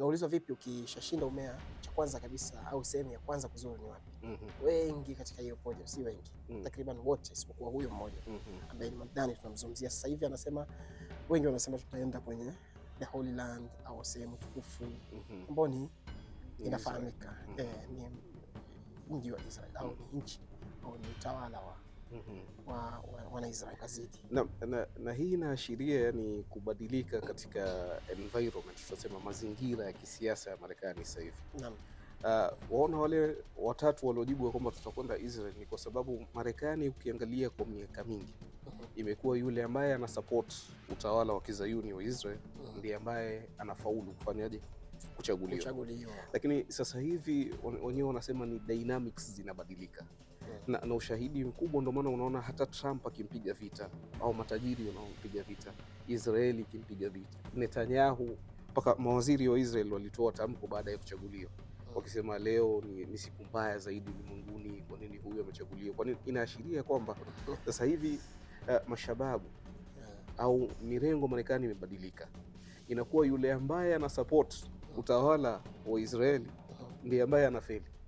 unaulizwa vipi ukishashinda umea, cha kwanza kabisa au sehemu ya kwanza kuzuru ni wapi? mm -hmm. Wengi katika hiyo podium, si wengi mm -hmm. takriban wote isipokuwa huyo mmoja mm -hmm. ambaye ni Mamdani tunamzungumzia sasa hivi, anasema wengi wanasema tutaenda kwenye the Holy Land au sehemu tukufu mhm. ambayo mm -hmm. ni inafahamika mm -hmm. eh, mhm. ni mji wa Israel au mm. ni nchi au ni utawala wa wa, wa, wa na, na, na hii inaashiria yani kubadilika katika environment tunasema mazingira ya kisiasa ya Marekani sasa hivi. Naam. Uh, waona wale watatu waliojibu kwamba tutakwenda Israel ni kwa sababu Marekani ukiangalia kwa miaka mingi mhm. imekuwa yule ambaye ana support utawala wa kizayuni wa Israel mhm. ndiye ambaye anafaulu kufanyaje kuchaguliwa, kuchaguliwa. Lakini sasa hivi wenyewe wanasema ni dynamics zinabadilika na, na ushahidi mkubwa. Ndio maana unaona hata Trump akimpiga vita au matajiri wanaompiga vita, Israeli ikimpiga vita, Netanyahu, mpaka mawaziri wa Israel walitoa tamko baada ya kuchaguliwa mm. wakisema leo ni, ni siku mbaya zaidi ulimwenguni. Kwa nini huyu amechaguliwa? Kwa nini? Inaashiria kwamba sasa hivi uh, mashababu au mirengo Marekani imebadilika, inakuwa yule ambaye ana support mm. utawala wa Israeli mm. ndiye ambaye anafeli.